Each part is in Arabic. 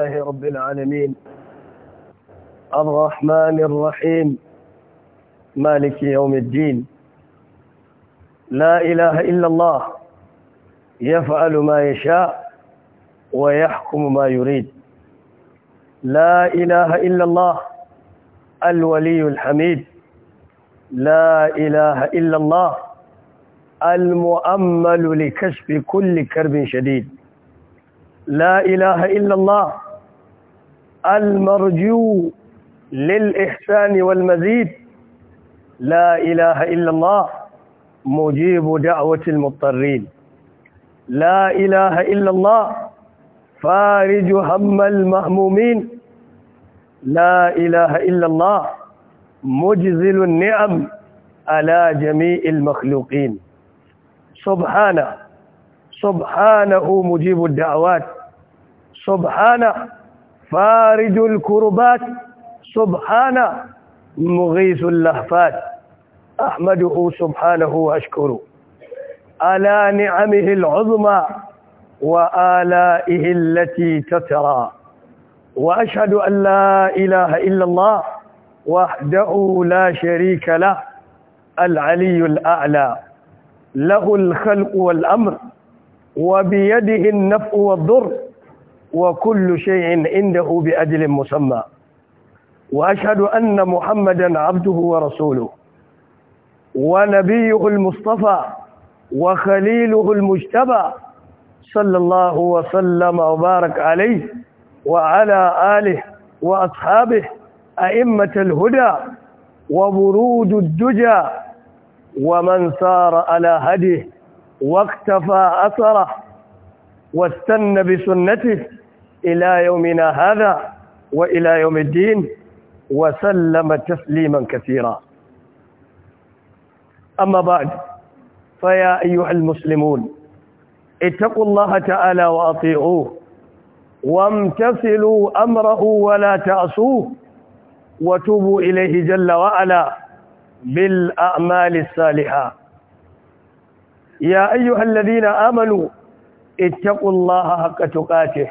الله رب العالمين الرحمن الرحيم مالك يوم الدين لا إله إلا الله يفعل ما يشاء ويحكم ما يريد لا إله إلا الله الولي الحميد لا إله إلا الله المؤمل لكشف كل كرب شديد لا إله إلا الله المرجو للإحسان والمزيد لا إله إلا الله مجيب دعوة المضطرين لا إله إلا الله فارج هم المهمومين لا إله إلا الله مجزل النعم على جميع المخلوقين سبحانه سبحانه مجيب الدعوات سبحانه فارج الكربات سبحانه مغيث اللهفات أحمده سبحانه وأشكره على نعمه العظمى وآلائه التي تترى وأشهد أن لا إله إلا الله وحده لا شريك له العلي الأعلى له الخلق والأمر وبيده النفع والضر وكل شيء عنده بأجل مسمى وأشهد أن محمدا عبده ورسوله ونبيه المصطفى وخليله المجتبى صلى الله وسلم وبارك عليه وعلى آله وأصحابه أئمة الهدى وورود الدجى ومن سار على هديه واقتفى أثره واستن بسنته إلى يومنا هذا وإلى يوم الدين وسلم تسليما كثيرا أما بعد فيا أيها المسلمون اتقوا الله تعالى وأطيعوه وامتثلوا أمره ولا تعصوه وتوبوا إليه جل وعلا بالأعمال الصالحة يا أيها الذين آمنوا اتقوا الله حق تقاته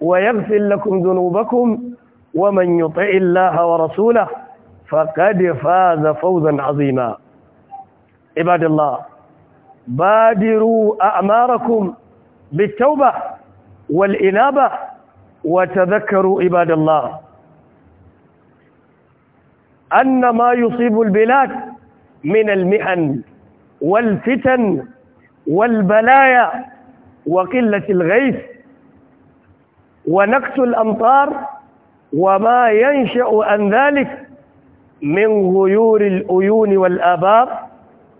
ويغفر لكم ذنوبكم ومن يطع الله ورسوله فقد فاز فوزا عظيما عباد الله بادروا أعماركم بالتوبة والإنابة وتذكروا عباد الله أن ما يصيب البلاد من المحن والفتن والبلايا وقلة الغيث ونكت الأمطار وما ينشأ عن ذلك من غيور الأيون والآبار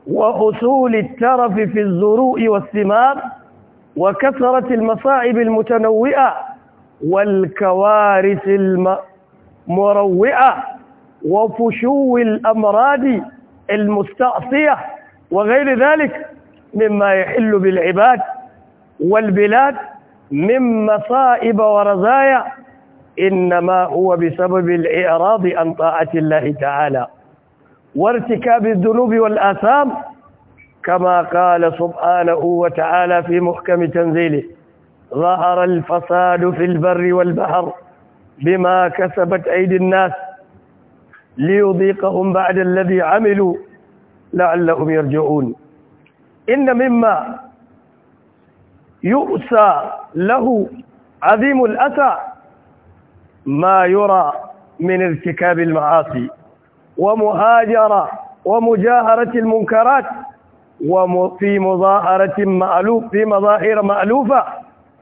وأصول الترف في الزروء والثمار وكثرة المصاعب المتنوئة والكوارث المروئة وفشو الأمراض المستعصية وغير ذلك مما يحل بالعباد والبلاد من مصائب ورزايا إنما هو بسبب الإعراض عن طاعة الله تعالى وارتكاب الذنوب والآثام كما قال سبحانه وتعالى في محكم تنزيله ظهر الفساد في البر والبحر بما كسبت أيدي الناس ليضيقهم بعد الذي عملوا لعلهم يرجعون إن مما يؤسى له عظيم الأسى ما يرى من ارتكاب المعاصي ومهاجرة ومجاهرة المنكرات وفي مظاهرة مألوف في مظاهر مألوفة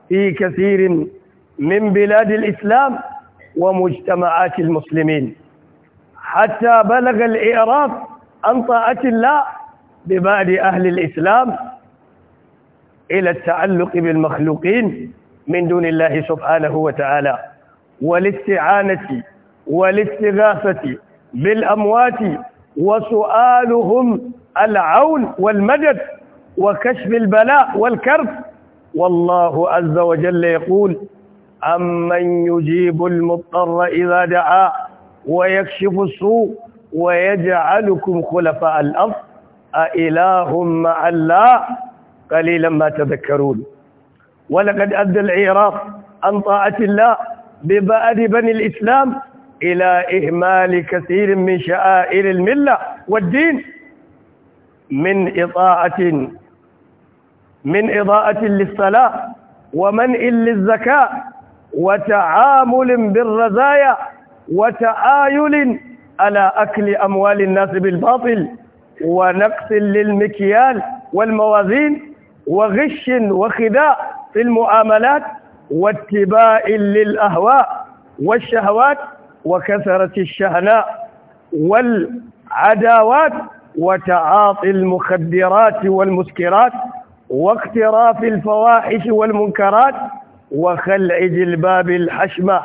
في كثير من بلاد الإسلام ومجتمعات المسلمين حتى بلغ الإعراف عن طاعة الله ببعض أهل الإسلام إلى التعلق بالمخلوقين من دون الله سبحانه وتعالى والاستعانة والاستغاثة بالأموات وسؤالهم العون والمدد وكشف البلاء والكرب والله عز وجل يقول أمن يجيب المضطر إذا دعا ويكشف السوء ويجعلكم خلفاء الأرض أإله مع الله قليلا ما تذكرون ولقد أدى العراق عن طاعة الله ببعض بني الإسلام إلى إهمال كثير من شعائر الملة والدين من إضاءة من إضاءة للصلاة ومنع للزكاة وتعامل بالرزايا وتآيل على أكل أموال الناس بالباطل ونقص للمكيال والموازين وغش وخداع في المعاملات واتباع للأهواء والشهوات وكثرة الشهناء والعداوات وتعاطي المخدرات والمسكرات واقتراف الفواحش والمنكرات وخلع جلباب الحشمة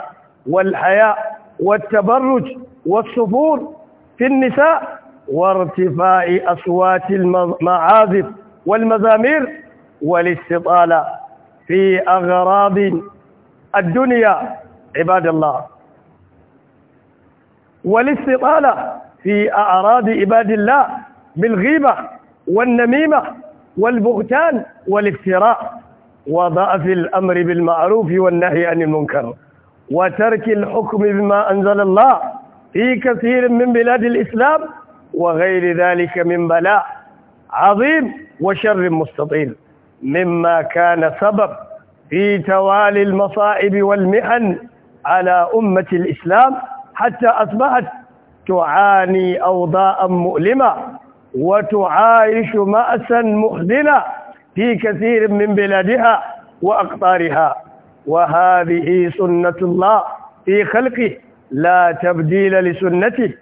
والحياء والتبرج والصفور في النساء وارتفاع أصوات المعازف والمزامير والاستطالة في أغراض الدنيا عباد الله والاستطالة في أعراض عباد الله بالغيبة والنميمة والبغتان والافتراء وضعف الأمر بالمعروف والنهي عن المنكر وترك الحكم بما أنزل الله في كثير من بلاد الإسلام وغير ذلك من بلاء عظيم وشر مستطيل مما كان سبب في توالي المصائب والمحن على أمة الإسلام حتى أصبحت تعاني أوضاء مؤلمة وتعايش مأسا محزنا في كثير من بلادها وأقطارها وهذه سنة الله في خلقه لا تبديل لسنته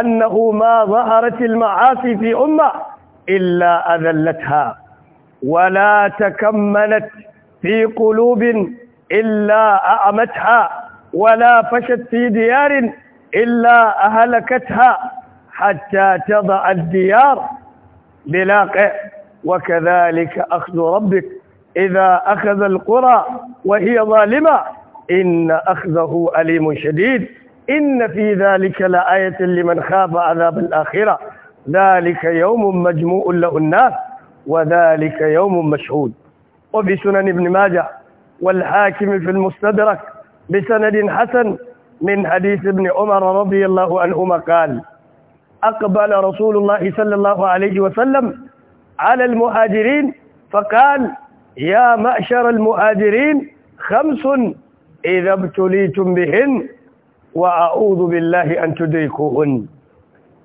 أنه ما ظهرت المعاصي في أمة إلا أذلتها ولا تكملت في قلوب إلا أأمتها ولا فشت في ديار إلا أهلكتها حتى تضع الديار بلاقع وكذلك أخذ ربك إذا أخذ القرى وهي ظالمة إن أخذه أليم شديد إن في ذلك لآية لمن خاف عذاب الآخرة ذلك يوم مجموع له الناس وذلك يوم مشهود وبسنن ابن ماجه والحاكم في المستدرك بسند حسن من حديث ابن عمر رضي الله عنهما قال أقبل رسول الله صلى الله عليه وسلم على المهاجرين فقال يا مأشر المهاجرين خمس إذا ابتليتم بهن وأعوذ بالله أن تدركوهن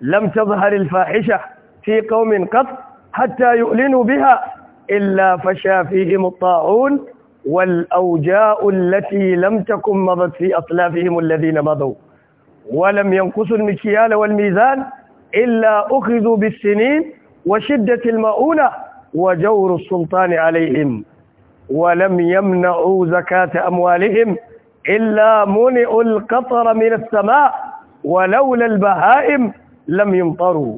لم تظهر الفاحشة في قوم قط حتى يؤلنوا بها إلا فشى فيهم الطاعون والأوجاء التي لم تكن مضت في أطلافهم الذين مضوا ولم ينقصوا المكيال والميزان إلا أخذوا بالسنين وشدة المؤونة وجور السلطان عليهم ولم يمنعوا زكاة أموالهم إلا منعوا القطر من السماء ولولا البهائم لم يمطروا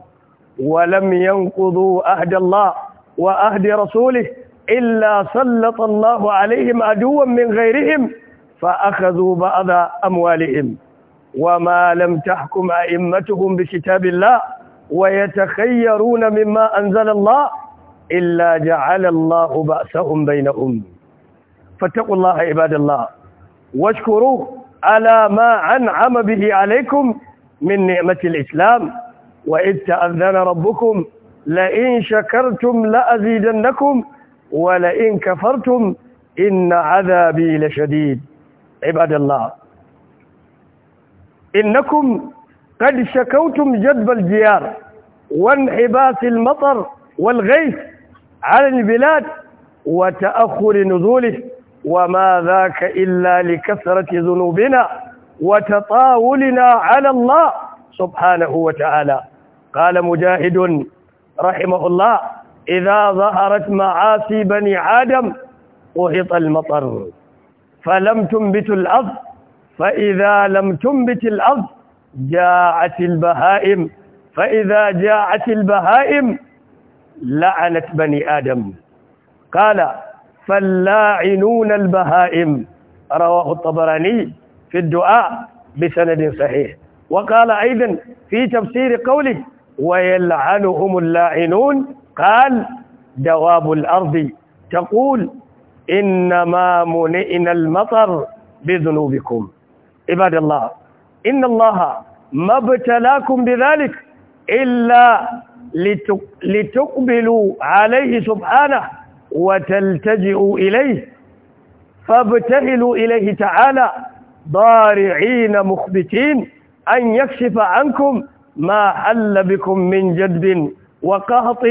ولم ينقضوا عهد الله وعهد رسوله إلا سلط الله عليهم عدوا من غيرهم فأخذوا بعض أموالهم وما لم تحكم أئمتهم بكتاب الله ويتخيرون مما أنزل الله إلا جعل الله بأسهم بينهم فاتقوا الله عباد الله واشكروه على ما أنعم به عليكم من نعمة الإسلام وإذ تأذن ربكم لئن شكرتم لأزيدنكم ولئن كفرتم إن عذابي لشديد عباد الله إنكم قد شكوتم جذب الجيار وانحباس المطر والغيث على البلاد وتأخر نزوله وما ذاك إلا لكثرة ذنوبنا وتطاولنا على الله سبحانه وتعالى قال مجاهد رحمه الله إذا ظهرت معاصي بني آدم أهط المطر فلم تنبت الأرض فإذا لم تنبت الأرض جاعت البهائم فإذا جاعت البهائم لعنت بني آدم قال فاللاعنون البهائم رواه الطبراني في الدعاء بسند صحيح وقال أيضا في تفسير قوله ويلعنهم اللاعنون قال دواب الأرض تقول إنما منئنا المطر بذنوبكم عباد الله إن الله ما ابتلاكم بذلك إلا لتقبلوا عليه سبحانه وتلتجئوا إليه فابتهلوا إليه تعالى ضارعين مخبتين أن يكشف عنكم ما حل بكم من جد وقهط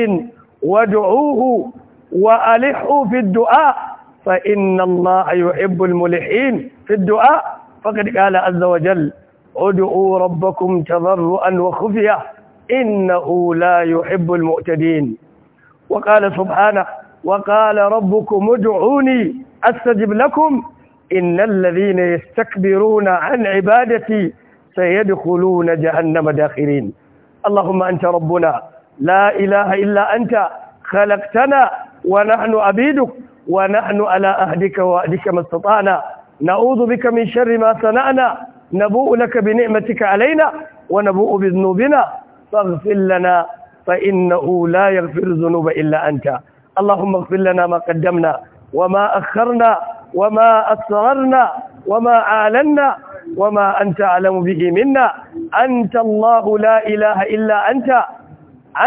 وادعوه وألحوا في الدعاء فإن الله يحب الملحين في الدعاء فقد قال عز وجل ادعوا ربكم تضرعا وخفية إنه لا يحب المعتدين وقال سبحانه وقال ربكم ادعوني أستجب لكم إن الذين يستكبرون عن عبادتي سيدخلون جهنم داخلين اللهم أنت ربنا لا إله إلا أنت خلقتنا ونحن عبيدك ونحن على أهدك وأهدك ما استطعنا نعوذ بك من شر ما صنعنا نبوء لك بنعمتك علينا ونبوء بذنوبنا فاغفر لنا فإنه لا يغفر الذنوب إلا أنت اللهم اغفر لنا ما قدمنا وما أخرنا وما أسررنا وما أعلنا وما أنت أعلم به منا أنت الله لا إله إلا أنت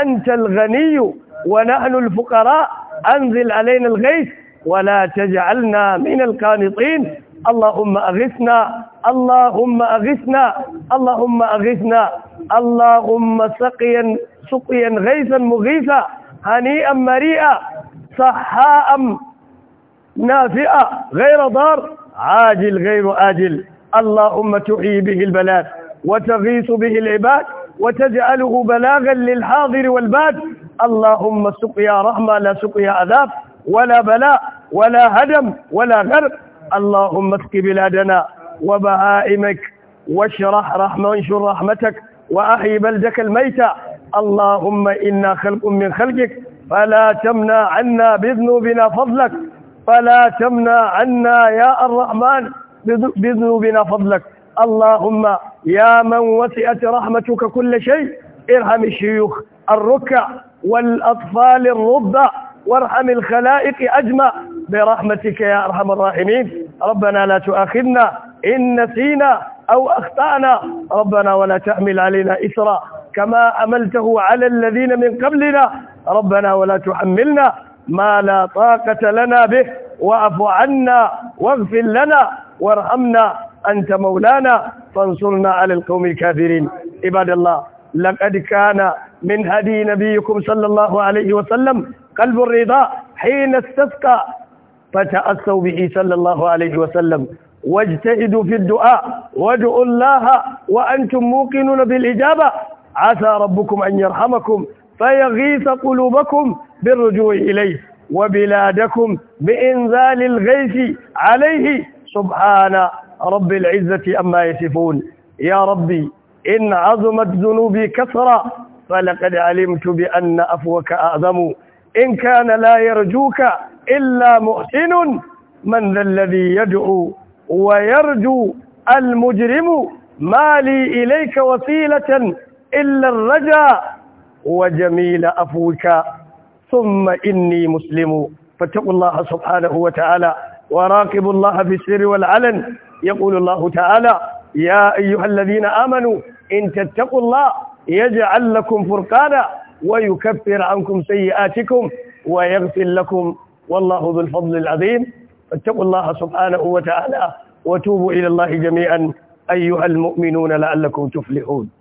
أنت الغني ونحن الفقراء أنزل علينا الغيث ولا تجعلنا من القانطين اللهم أغثنا اللهم أغثنا اللهم أغثنا اللهم سقيا سقيا غيثا مغيثا هنيئا مريئا صحاء نافئا غير ضار عاجل غير آجل اللهم تحيي به البلاد وتغيث به العباد وتجعله بلاغا للحاضر والباد اللهم سقيا رحمة لا سقيا عذاب ولا بلاء ولا هدم ولا غرق اللهم اسق بلادنا وبهائمك واشرح رحمة وانشر رحمتك وأحي بلدك الميتة اللهم إنا خلق من خلقك فلا تمنع عنا بذنوبنا فضلك فلا تمنع عنا يا الرحمن بذنوبنا فضلك اللهم يا من وسعت رحمتك كل شيء ارحم الشيوخ الركع والأطفال الرضع وارحم الخلائق أجمع برحمتك يا أرحم الراحمين ربنا لا تؤاخذنا إن نسينا أو أخطأنا ربنا ولا تحمل علينا إسرا كما أملته على الذين من قبلنا ربنا ولا تحملنا ما لا طاقة لنا به واعف عنا واغفر لنا وارحمنا أنت مولانا فانصرنا على القوم الكافرين عباد الله لقد كان من هدي نبيكم صلى الله عليه وسلم قلب الرضا حين استسقى فتأسوا به صلى الله عليه وسلم واجتهدوا في الدعاء وادعوا الله وأنتم موقنون بالإجابة عسى ربكم أن يرحمكم فيغيث قلوبكم بالرجوع إليه وبلادكم بإنزال الغيث عليه سبحان رب العزة أما يسفون يا ربي إن عظمت ذنوبي كثرة فلقد علمت بأن أفوك أعظم إن كان لا يرجوك إلا محسن من ذا الذي يدعو ويرجو المجرم ما لي إليك وسيلة إلا الرجاء وجميل أفوك ثم إني مسلم فاتقوا الله سبحانه وتعالى وراقبوا الله في السر والعلن يقول الله تعالى يا أيها الذين آمنوا إن تتقوا الله يجعل لكم فرقانا ويكفر عنكم سيئاتكم ويغفر لكم والله ذو الفضل العظيم فاتقوا الله سبحانه وتعالى وتوبوا إلى الله جميعا أيها المؤمنون لعلكم تفلحون